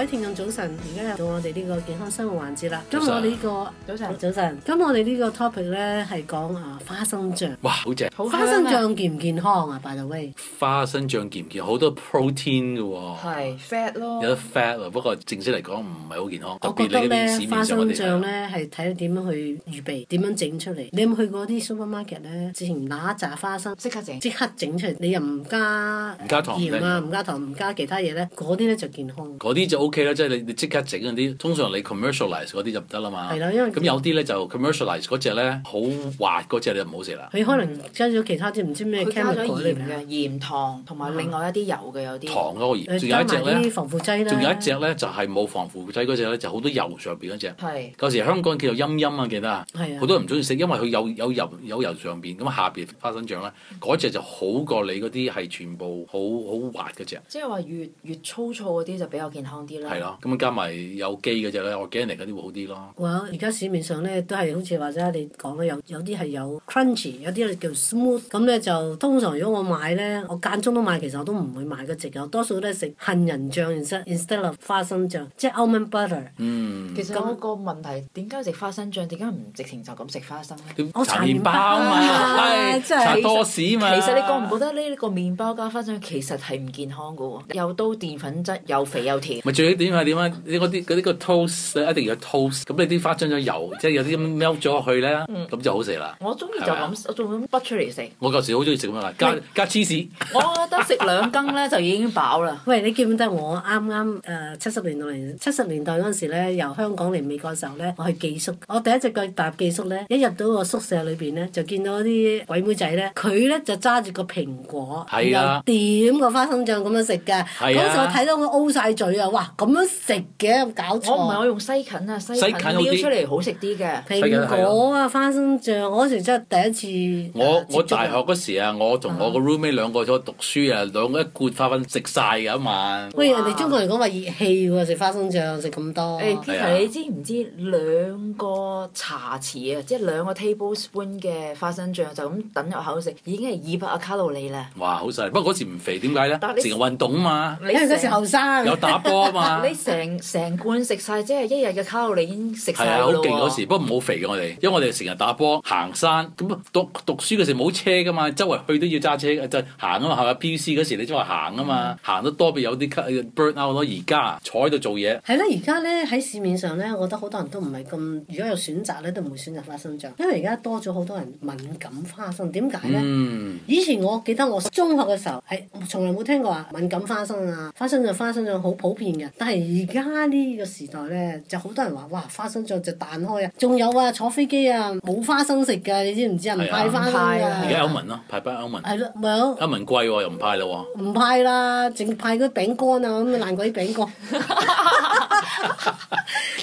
各位聽眾早晨，而家又到我哋呢個健康生活環節啦。早晨，早晨，早晨。咁我哋呢個 topic 咧，係講啊花生醬。哇，好正！花生醬健唔健康啊？By the way，花生醬健唔健？好多 protein 㗎喎。係 fat 咯，有得 fat 啊。不過正式嚟講唔係好健康。我覺得咧，花生醬咧係睇你點樣去預備，點樣整出嚟。你有冇去過啲 supermarket 咧？之前拿一紮花生，即刻整，即刻整出嚟。你又唔加唔加糖鹽啊？唔加糖，唔加其他嘢咧，嗰啲咧就健康。嗰啲就 OK 啦，即係你你即刻整嗰啲，通常你 commercialize 嗰啲就唔得啦嘛。係啦，因為咁有啲咧就 commercialize 嗰隻咧好滑嗰隻你就唔好食啦。佢可能加咗其他啲唔知咩 chemical 嘢。佢加咗鹽嘅鹽糖，同埋另外一啲油嘅有啲糖嗰個鹽，仲有一隻咧防腐劑咧。仲有一隻咧就係冇防腐劑嗰隻咧，就好多油上邊嗰隻。係。舊時香港叫做陰陰啊，記得啊。好多人唔中意食，因為佢有有油有油上邊咁，下邊花生醬咧，嗰隻就好過你嗰啲係全部好好滑嗰隻。即係話越越粗糙嗰啲就比較健康啲。係咯，咁樣加埋有機嘅啫咧我 r g 嗰啲會好啲咯。而家、well, 市面上咧都係好似或者我哋講嘅，有有啲係有 crunchy，有啲叫 smooth。咁咧就通常如果我買咧，我間中都買，其實我都唔會買嗰隻嘅。我多數都係食杏仁醬，i n s t e a d of 花生醬，即係 almond butter。嗯，其實那我個問題，點解食花生醬？點解唔直情就咁食花生咧？我食、哦、麵包啊嘛，係真係多士嘛其。其實你覺唔覺得呢個麵包加花生其實係唔健康嘅喎？又都澱粉質，又肥又甜。你點係點啊？你嗰啲啲個 toast 一定要 toast，咁你啲花生醬油即係有啲咁掹咗落去呢，咁就好食啦。我中意就咁食，我中意咁出嚟食。我舊時好中意食咁樣啊，加加芝士。我覺得食兩羹呢就已經飽啦。喂，你記唔記得我啱啱誒七十年代、七十年代嗰陣時咧，由香港嚟美國嘅時候呢，我去寄宿。我第一隻腳踏入寄宿呢，一入到個宿舍裏邊呢，就見到啲鬼妹仔呢，佢呢就揸住個蘋果，又點個花生醬咁樣食嘅。嗰陣我睇到我 O 曬嘴啊！哇～咁樣食嘅，有搞錯？我唔係我用西芹啊，西芹調出嚟好食啲嘅。蘋果啊，花生醬，嗰時真係第一次。我我大學嗰時啊，我同我個 roommate 兩個在讀書啊，兩個一罐花粉食晒嘅一晚。喂，人哋中國人講話熱氣喎，食花生醬食咁多。誒，Peter，你知唔知兩個茶匙啊，即係兩個 tablespoon 嘅花生醬就咁等入口食，已經係二百卡路里啦。哇，好犀利！不過嗰時唔肥，點解咧？成日運動啊嘛。因為嗰時後生。有打波啊嘛。你成成罐食晒，即係一日嘅卡路里已經食晒。好勁嗰時，不過唔好肥嘅我哋，因為我哋成日打波行山。咁讀讀書嗰時冇車噶嘛，周圍去都要揸車，就是、行啊嘛，係咪 PVC 嗰時你周圍行啊嘛，嗯、行得多變有啲咳 burn out 咯。而家坐喺度做嘢。係咯，而家呢，喺市面上呢，我覺得好多人都唔係咁，如果有選擇呢，都唔會選擇花生醬，因為而家多咗好多人敏感花生。點解呢？嗯、以前我記得我中學嘅時候係從來冇聽過話敏感花生啊，花生醬花生醬好普遍嘅。但係而家呢個時代呢，就好多人話哇花生醬就彈開啊，仲有啊坐飛機啊冇花生食㗎，你知唔知啊？唔派返去 啊！而家歐文咯，派返歐文。係咯，冇歐文貴喎，又唔派啦喎。唔派啦，淨派嗰啲餅乾啊咁啊爛鬼餅乾。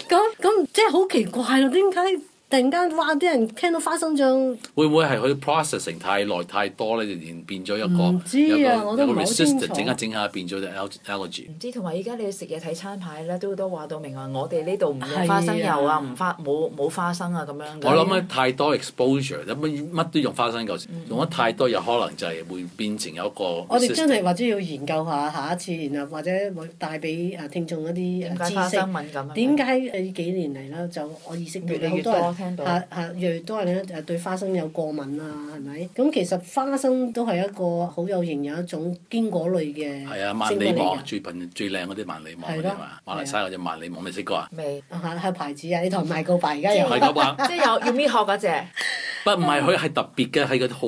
咁 咁 即係好奇怪咯，點解？突然間，哇！啲人聽到花生醬，會唔會係佢 processing 太耐太多咧，就變變咗一個唔知啊！個我都冇清楚整下整下變咗就 allergy。唔知同埋依家你食嘢睇餐牌咧，都都話到明話，我哋呢度唔用花生油啊，唔花冇冇花生啊咁樣。我諗太多 exposure，乜都用花生油，用得、啊、太多有、嗯、可能就係會變成有一個。我哋真係或者要研究下下一次，然後或者帶俾啊聽眾一啲知識。點解花生敏感啊？點解呢幾年嚟啦，就我意識到好多。嚇嚇，若都係咧誒，對花生有過敏啊，係咪？咁其實花生都係一個好有營養一種堅果類嘅。係啊，萬里網最平最靚嗰啲萬里網嗰啲嘛，馬來西亞嗰隻萬里網未食過啊？未，嚇係牌子啊！你同埋告白而家有、欸，即係 有要搣殼嗰隻？唔係佢係特別嘅，係個好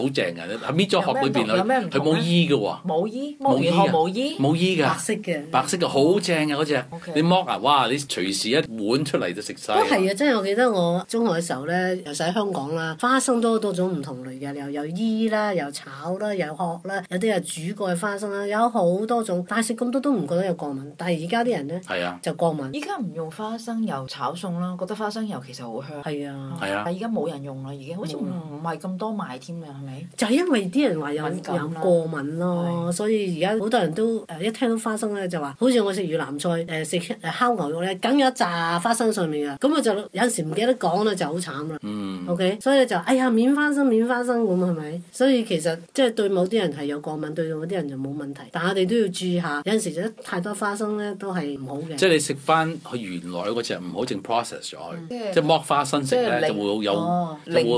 好正嘅，係搣咗殼裏邊啦，佢冇衣嘅喎。冇衣，冇殼冇衣，冇衣嘅，白色嘅，白色嘅好正嘅嗰隻。你剝啊，哇！你隨時一碗出嚟就食晒。都係啊！真係我記得我中學嘅時候咧，又喺香港啦，花生都好多種唔同類嘅，又有衣啦，又炒啦，又殼啦，有啲又煮過嘅花生啦，有好多種。但係食咁多都唔覺得有過敏，但係而家啲人咧、啊、就過敏。依家唔用花生油炒餸啦，覺得花生油其實好香。係啊，係啊，但係依家冇人用啦。好似唔係咁多賣添㗎，係咪？就係因為啲人話有有過敏咯，所以而家好多人都，誒一聽到花生咧就話，好似我食越南菜誒，食烤牛肉咧，梗有一紮花生上面㗎，咁啊就有陣時唔記得講啦，就好慘啦。嗯。O K，所以咧就哎呀免花生，免花生咁係咪？所以其實即係對某啲人係有過敏，對某啲人就冇問題，但係我哋都要注意下，有陣時食太多花生咧都係唔好嘅。即係你食翻佢原來嗰隻唔好凈 process 咗，即係剝花生食咧就會有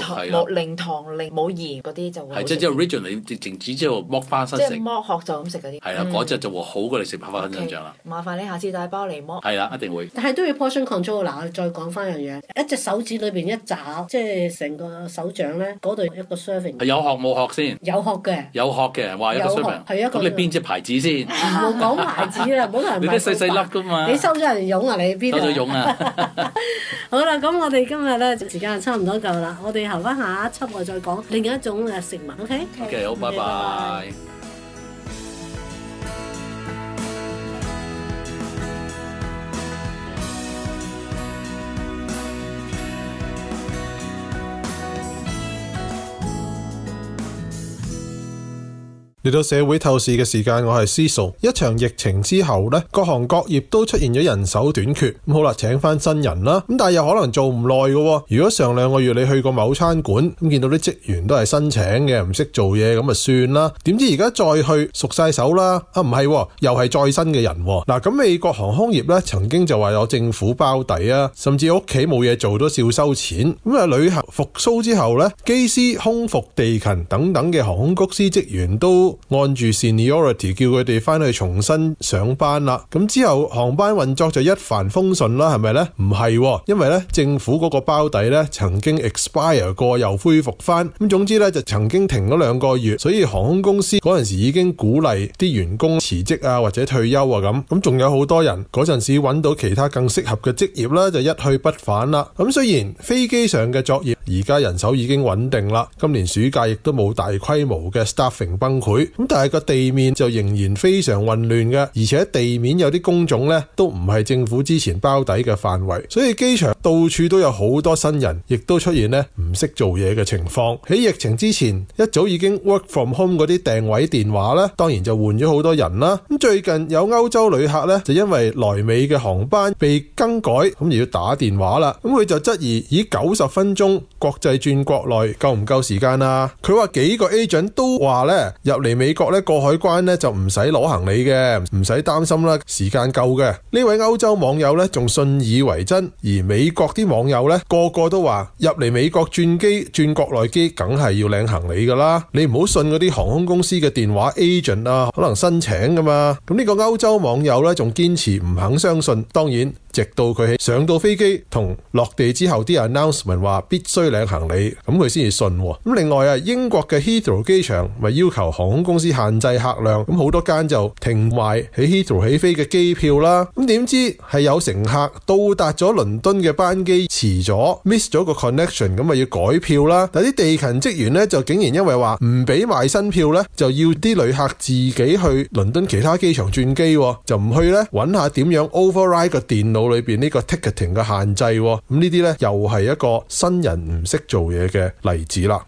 糖冇零糖零冇鹽嗰啲就會係即係即係 original，淨淨止即係剝翻身。即係剝殼就咁食嗰啲。係啊，嗰隻就會好過你食百萬新掌啦。麻煩你下次帶包嚟剝。係啊，一定會。但係都要 portion control。嗱，我哋再講翻一樣嘢，一隻手指裏邊一揸，即係成個手掌咧，嗰度一個 serving。係有殼冇殼先？有殼嘅。有殼嘅，話一個 serving。係一個。咁你邊隻牌子先？冇講牌子啊，冇同人。你啲細細粒㗎嘛？你收咗人傭啊？你邊？收咗傭啊？好啦，咁我哋今日咧，時間就差唔多夠啦，我哋後翻下一輯我再講另一種誒食物，OK？OK，好，拜拜。嚟到社會透視嘅時間，我係私塾。一場疫情之後咧，各行各業都出現咗人手短缺。咁好啦，請翻新人啦。咁但係又可能做唔耐嘅。如果上兩個月你去過某餐館，咁見到啲職員都係新請嘅，唔識做嘢，咁啊算啦。點知而家再去熟晒手啦？啊，唔係，哦，又係再新嘅人，哦。嗱，啊，咁美國航空業咧，曾經就話有政府包底啊，甚至屋企冇嘢做都少收錢。咁啊，旅行復蘇之後咧，機師、空服、地勤等等嘅航空公司職員都。按住 seniority 叫佢哋返去重新上班啦，咁之後航班運作就一帆風順啦，係咪呢？唔係啊，因為呢，政府嗰個包底呢，曾經 expire 過又恢復返，咁總之呢，就曾經停咗兩個月，所以航空公司嗰陣時已經鼓勵啲員工辭職啊或者退休啊咁，咁仲有好多人嗰陣時搵到其他更適合嘅職業啦，就一去不返啦。咁雖然飛機上嘅作業，而家人手已經穩定啦，今年暑假亦都冇大規模嘅 staffing 崩潰，咁但係個地面就仍然非常混亂嘅，而且地面有啲工種咧都唔係政府之前包底嘅範圍，所以機場到處都有好多新人，亦都出現咧唔識做嘢嘅情況。喺疫情之前，一早已經 work from home 嗰啲訂位電話咧，當然就換咗好多人啦。咁最近有歐洲旅客咧，就因為來美嘅航班被更改，咁而要打電話啦，咁佢就質疑以九十分鐘，國際轉國內夠唔夠時間啊？佢話幾個 agent 都話咧，入嚟美國咧過海關咧就唔使攞行李嘅，唔使擔心啦，時間夠嘅。呢位歐洲網友咧仲信以為真，而美國啲網友咧個個都話入嚟美國轉機轉國內機，梗係要領行李噶啦。你唔好信嗰啲航空公司嘅電話 agent 啊，可能新請噶嘛。咁呢個歐洲網友咧仲堅持唔肯相信，當然。直到佢起上到飛機同落地之後啲 announcement 話必須領行李，咁佢先至信。啊，咁另外啊，英國嘅 Heathrow 機場咪要求航空公司限制客量，咁好多間就停埋喺 Heathrow 起飛嘅機票啦。咁點知係有乘客到達咗倫敦嘅班機遲咗，miss 咗個 connection，咁咪要改票啦。但啲地勤職員咧就竟然因為話唔俾賣新票咧，就要啲旅客自己去倫敦其他機場轉機。啊，就唔去咧揾下點樣 override 個電腦。裏邊呢個 ticketing 嘅限制，咁呢啲咧又係一個新人唔識做嘢嘅例子啦。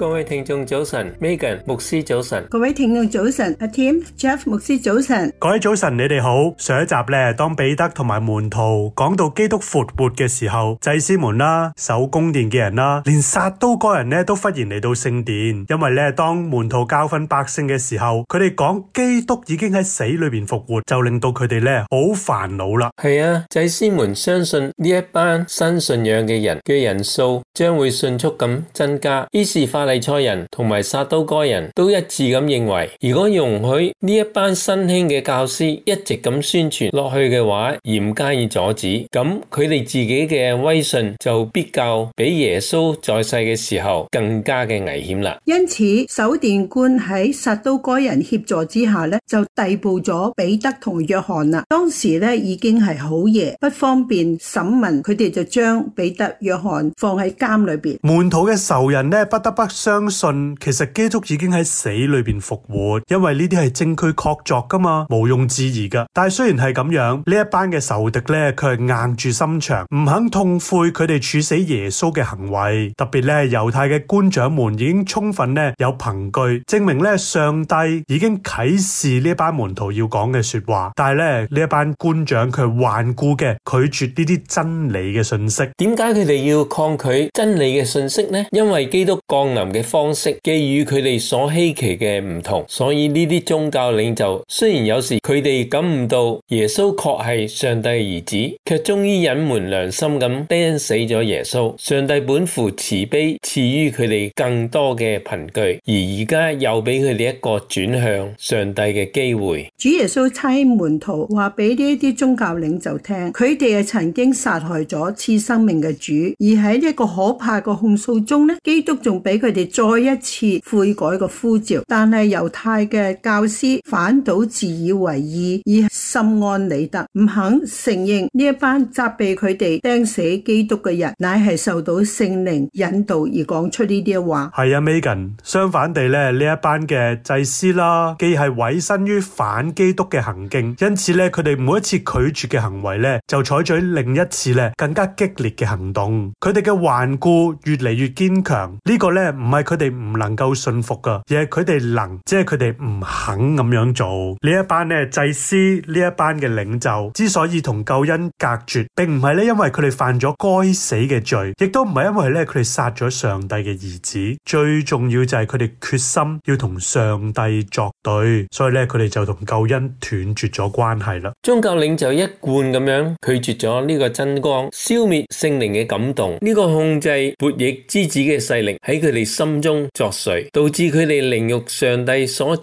各位聽眾早晨，Megan 牧師早晨，各位聽眾早晨，阿 Tim、Jeff 牧師早晨，各位早晨，你哋好。上一集咧，當彼得同埋門徒講到基督復活嘅時候，祭司們啦、守宮殿嘅人啦，連撒都該人咧，都忽然嚟到聖殿，因為咧，當門徒教訓百姓嘅時候，佢哋講基督已經喺死裏邊復活，就令到佢哋咧好煩惱啦。係啊，祭司們相信呢一班新信仰嘅人嘅人數將會迅速咁增加，於是發。祭賽人同埋撒都該人都一致咁認為，如果容許呢一班新興嘅教師一直咁宣傳落去嘅話，嚴加以阻止，咁佢哋自己嘅威信就比較比耶穌在世嘅時候更加嘅危險啦。因此，守殿官喺撒都該人協助之下咧，就逮捕咗彼得同約翰啦。當時咧已經係好夜，不方便審問，佢哋就將彼得、約翰放喺監裏邊。門徒嘅仇人咧，不得不。相信其實基督已經喺死裏邊復活，因為呢啲係證據確鑿噶嘛，毋庸置疑噶。但係雖然係咁樣，呢一班嘅仇敵呢，佢係硬住心腸，唔肯痛悔佢哋處死耶穌嘅行為。特別咧，猶太嘅官長們已經充分咧有憑據證明咧，上帝已經啟示呢班門徒要講嘅說話。但係咧，呢一班官長佢係頑固嘅，拒絕呢啲真理嘅信息。點解佢哋要抗拒真理嘅信息呢？因為基督降臨。嘅方式，既與佢哋所希奇嘅唔同，所以呢啲宗教領袖雖然有時佢哋感悟到耶穌確係上帝兒子，卻終於隱瞞良心咁釘死咗耶穌。上帝本乎慈悲賜予佢哋更多嘅憑據，而而家又俾佢哋一個轉向上帝嘅機會。主耶穌差門徒話俾呢一啲宗教領袖聽，佢哋係曾經殺害咗賜生命嘅主，而喺一個可怕嘅控訴中呢，基督仲俾佢。佢哋再一次悔改嘅呼召，但係猶太嘅教師反倒自以為義，以心安理得，唔肯承認呢一班責備佢哋釘死基督嘅人，乃係受到聖靈引導而講出呢啲話。係啊，Megan，相反地咧，呢一班嘅祭司啦，既係委身於反基督嘅行徑，因此咧，佢哋每一次拒絕嘅行為咧，就採取另一次咧更加激烈嘅行動。佢哋嘅頑固越嚟越堅強，這個、呢個咧。唔係佢哋唔能夠信服噶，而係佢哋能，即係佢哋唔肯咁樣做。呢一班咧祭司，呢一班嘅領袖之所以同救恩隔絕，並唔係咧因為佢哋犯咗該死嘅罪，亦都唔係因為咧佢哋殺咗上帝嘅兒子。最重要就係佢哋決心要同上帝作對，所以咧佢哋就同救恩斷絕咗關係啦。宗教領袖一貫咁樣拒絕咗呢個真光，消滅聖靈嘅感動，呢個控制悖逆之子嘅勢力喺佢哋心中作祟，導致佢哋凌辱上帝所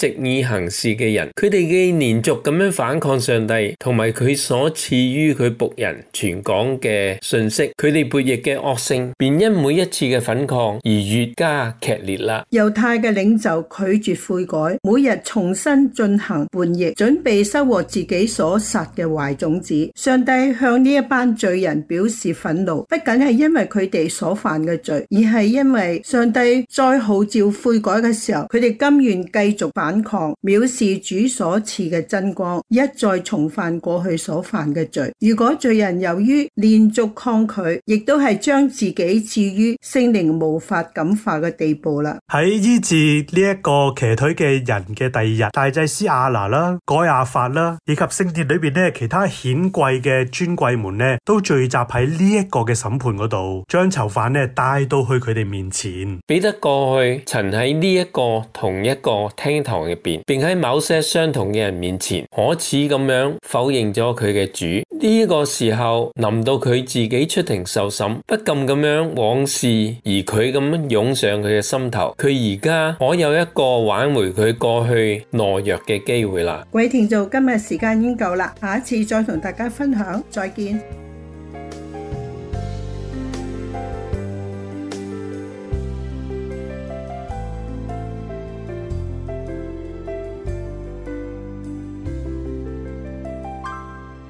再號召悔改嘅時候，佢哋甘願繼續反抗，藐視主所賜嘅真光，一再重犯過去所犯嘅罪。如果罪人由於連續抗拒，亦都係將自己置於聖靈無法感化嘅地步啦。喺醫治呢一個騎腿嘅人嘅第二日，大祭司亞拿啦、改亞法啦，以及聖殿裏邊呢，其他顯貴嘅尊貴們呢，都聚集喺呢一個嘅審判嗰度，將囚犯呢帶到去佢哋面前，俾。一過去曾喺呢一個同一個廳堂入邊，並喺某些相同嘅人面前，可恥咁樣否認咗佢嘅主。呢個時候，諗到佢自己出庭受審，不禁咁樣往事而佢咁樣湧上佢嘅心頭。佢而家可有一個挽回佢過去懦弱嘅機會啦。鬼田做今日時間已經夠啦，下一次再同大家分享，再見。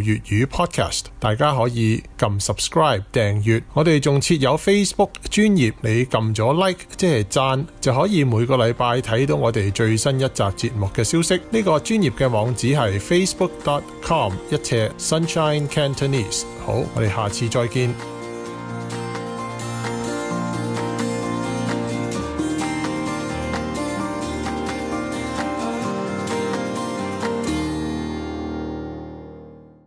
粵語 podcast，大家可以撳 subscribe 訂閱。我哋仲設有 Facebook 專頁，你撳咗 like 即係讚，就可以每個禮拜睇到我哋最新一集節目嘅消息。呢個專業嘅網址係 facebook.com 一切 Sunshine Cantonese。好，我哋下次再見。